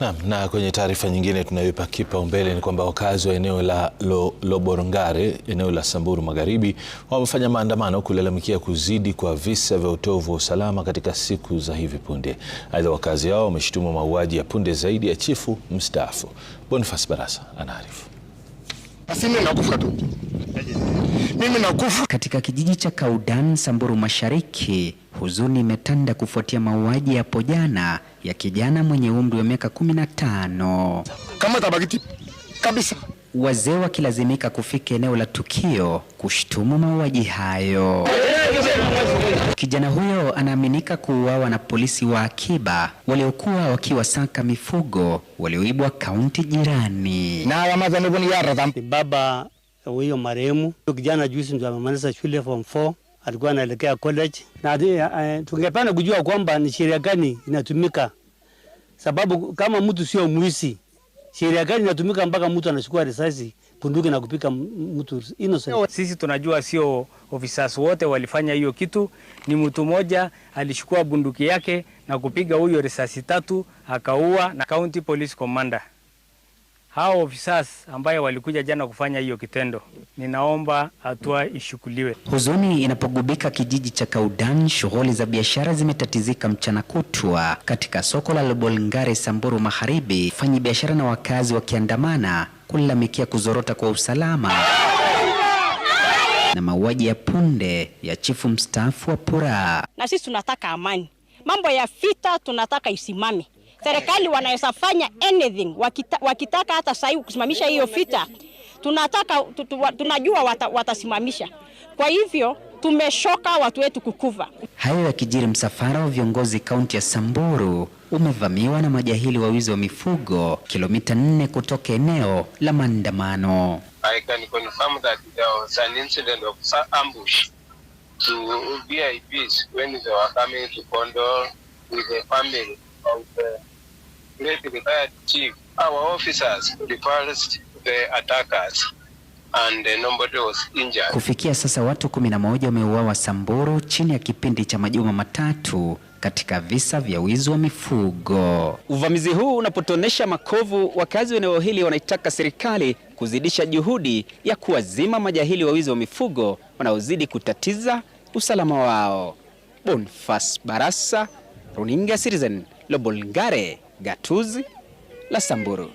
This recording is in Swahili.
Na, na kwenye taarifa nyingine tunayoipa kipaumbele ni kwamba wakazi wa eneo la lo, Loborngare eneo la Samburu Magharibi wamefanya maandamano kulalamikia kuzidi kwa visa vya utovu wa usalama katika siku za hivi punde. Aidha, wakazi hao wameshutumu mauaji ya punde zaidi ya chifu mstaafu. Boniface Barasa anaarifu. Katika kijiji cha Kaudan, Samburu Mashariki Huzuni imetanda kufuatia mauaji hapo jana ya kijana mwenye umri wa miaka 15. Kama tabakiti kabisa. Wazee wakilazimika kufika eneo la tukio kushtumu mauaji hayo. Kijana huyo anaaminika kuuawa na polisi wa akiba waliokuwa wakiwasaka mifugo walioibwa kaunti jirani. Baba huyo marehemu kijana juzi ndio amemaliza shule form 4 alikuwa anaelekea college na uh, tungependa kujua kwamba ni sheria gani inatumika, sababu kama mtu sio mwizi, sheria gani inatumika mpaka mtu anachukua risasi bunduki na kupika mtu innocent? Sisi tunajua sio ofisas wote walifanya hiyo kitu. Ni mtu mmoja alichukua bunduki yake na kupiga huyo risasi tatu, akaua na county police commander hao ofisas ambaye walikuja jana kufanya hiyo kitendo, ninaomba hatua ishukuliwe. Huzuni inapogubika kijiji cha Kaudan, shughuli za biashara zimetatizika mchana kutwa katika soko la Lobolngare, Samburu Magharibi, fanyi biashara na wakazi wakiandamana kulalamikia kuzorota kwa usalama na mauaji ya punde ya chifu mstaafu wa Pura. Na sisi tunataka amani, mambo ya vita tunataka isimame serikali wanaweza fanya anything wakita, wakitaka hata sahii kusimamisha hiyo vita tunataka tutu, tunajua wata, watasimamisha. Kwa hivyo tumeshoka watu wetu kukuva. Hayo yakijiri, msafara wa viongozi kaunti ya Samburu umevamiwa na majahili wa wawizi wa mifugo kilomita nne kutoka eneo la maandamano. I can confirm that there was an incident of of ambush to to VIPs when they were coming with the the family led the retired chief. Our officers repulsed the attackers. And uh, nobody was injured. Kufikia sasa watu 11 wameuawa Samburu chini ya kipindi cha majuma matatu katika visa vya wizi wa mifugo. Uvamizi huu unapotonesha makovu, wakazi wa eneo hili wanaitaka serikali kuzidisha juhudi ya kuwazima majahili wa wizi wa mifugo wanaozidi kutatiza usalama wao. Bonfas Barasa, Runinga Citizen, Lobolngare, gatuzi la Samburu.